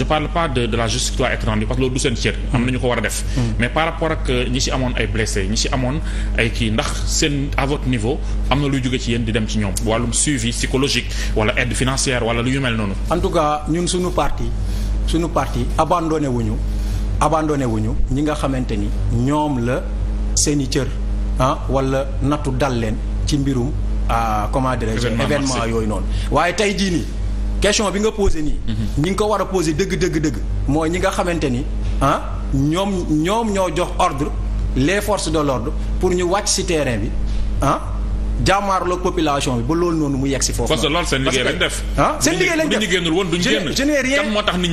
je parle pas de de la justice qui doit parce que loolu du seen cër. am na ñu ko war a def. Mm. mais par rapport ak euh, ñi si amoon ay blessés ñi si amoon ay kii ndax seen à votre niveau am na luy jóge ci yéen di dem ci ñoom wàllum suivi psychologique wala aide financière wala lu yu mel noonu. en tout cas ñun suñu parti suñu parti abandonné wuñu abandonné wuñu ñi nga xamante ni ñoom la seeni cër ah wala nattu dal leen ci mbirum ah, comment dirais-je événement yooyu noonu waaye question bi nga posé nii. Mhm. ñi nga ko war a posé dëgg dëgg dëgg. mooy ñi nga xamante ni ah ñoom ñoom ñoo jox ordre les forces de l'ordre pour ñu wàcc ci terrain bi ah jàmmaarloog population bi ba loolu noonu mu yegg ci foofu. parce que loolu seen liggéey lañ def. ah seen liggéey lañ def nit ñi génnul woon duñ génn. je n'ai rien kan mhm.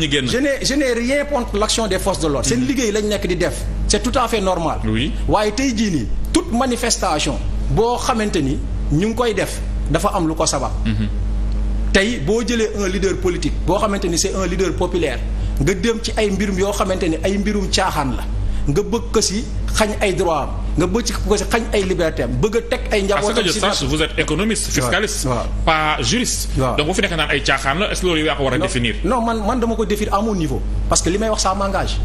nekk di def. c'est tout à fait normal. oui waaye tey jii nii toute manifestation boo xamante ni ñu ngi koy def dafa am lu ko sabab. Mhm. tey boo jëlee un leader politique boo xamante ni c'est un leader populaire nga dem ci ay mbirum yoo xamante ni ay mbirum caaxaan la nga bëgg ko si xañ ay droit am nga bëgg ko si xañ ay liberté bëgg a teg ay njabootam si sache vous êtes économiste fiscaliste pas ay caaxaan la est-ce que loolu yaa man dama ko définir à mon niveau parce que li may wax ça m'engage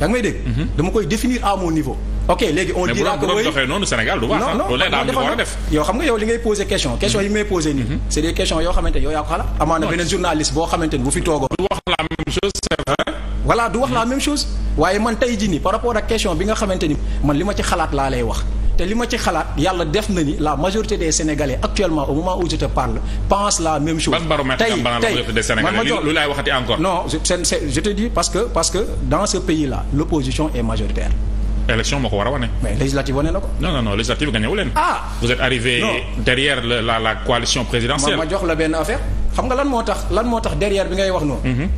yaa ngi may dégg mhm. dama koy définir amo niveau ok léegi on dira que oui mais noonu Sénégal du baax. non ah. non def. yow xam nga yow li ngay posé question mhm. question yi may posé nii. Mhm. c'est des questions yoo xamante ne yow yaa ko xalaat. amaa na beneen journaliste boo xamante ne bu fi toogoon. du wax la même chose c'est vrai. voilà du wax la mhm. même chose. waaye man tey jii nii par rapport ak question bi nga xamante ni man li ma ci xalaat laa lay wax. te li ma ci xalaat yàlla def na ni la majorité des sénégalais actuellement au moment où je te parle pense la même chose. tey tey man ma jox lu laay waxati encore. non je je te dis parce que parce que dans ce pays là l'opposition est majoritaire. élection moo ko war a wane. mais législative wane na ko. non non non législative gagné wu leen. ah vous êtes arrivé. derrière la la coalition présidentielle. ma jox la benn affaire xam nga lan moo tax lan moo tax derrière bi ngay wax noonu. Mhm.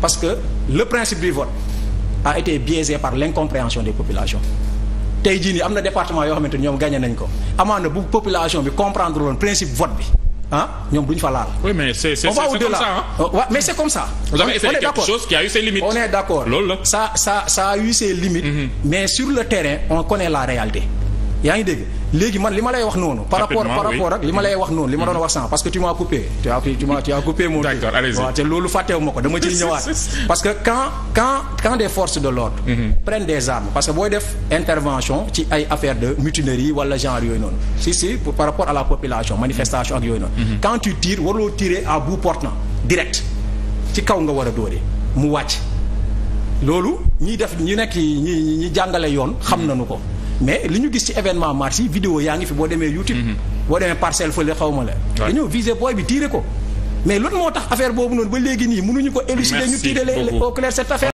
parce que le principe du vote a été biaisé par l'incompréhension des populations. tey jii nii am na département yoo xamante ni ñoom gagné nañ ko amaana bu population bi comprendre loon principe vote bi. ah ñoom bu ñu fa oui mais c'est c'est comme ça ah. mais c'est comme ça. vous avez quelque chose qui a eu ses limites. on est d'accord loolu la ça ça ça a eu ses limites. Mm-hmm. mais sur le terrain on connaît la réalité. yaa ngi dégg léegi man li ma lay wax noonu. par rapport par rapport ak li ma lay wax noonu. li ma doon wax sànq parce que tu m'as coupé. tu as tu m'as coupé mon. d'accord allez-y waaw te loolu fàttewu ma ko parce que quand quand quand des forces de l'ordre mm-hmm. prennent des armes parce que booy def intervention ci ay affaire de mutinerie wala genre yooyu noonu si si par rapport à la population manifestation ak yooyu noonu. Mm-hmm. quand tu tires warloo tirer à bout portant direct ci kaw nga war a dóoree mu wàcc loolu ñiy def ñu nekk ñi ñi jàngale yoon xam mm-hmm. nañu ko. mais li ñu gis ci événement mars yi vidéo yaa ngi fi boo demee YouTube. Mhm. boo demee parcelle fële xaw ma la. dañoo viser booy bi tiire ko. mais loolu moo tax affaire boobu noonu ba léegi nii mënuñu ko élucider ñu tirer au clair cette affaire.